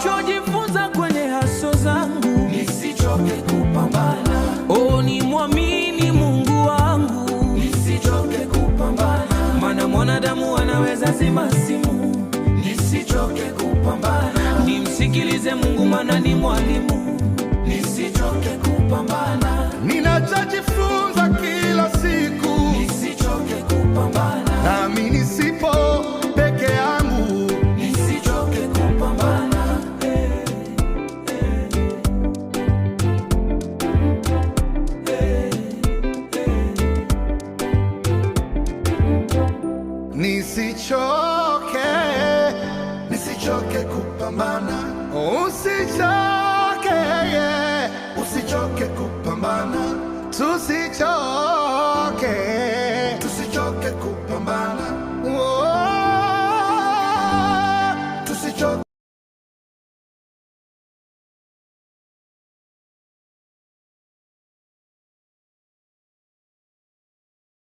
nilichojifunza kwenye haso zangu, nisichoke kupambana. Oh, ni mwamini Mungu wangu, nisichoke kupambana, maana mwanadamu anaweza zima simu, nisichoke kupambana, nimsikilize Mungu maana ni mwalimu, nisichoke kupambana, ninachojifunza nisichoke, nisichoke kupambana, usichoke, usichoke kupambana, tusichoke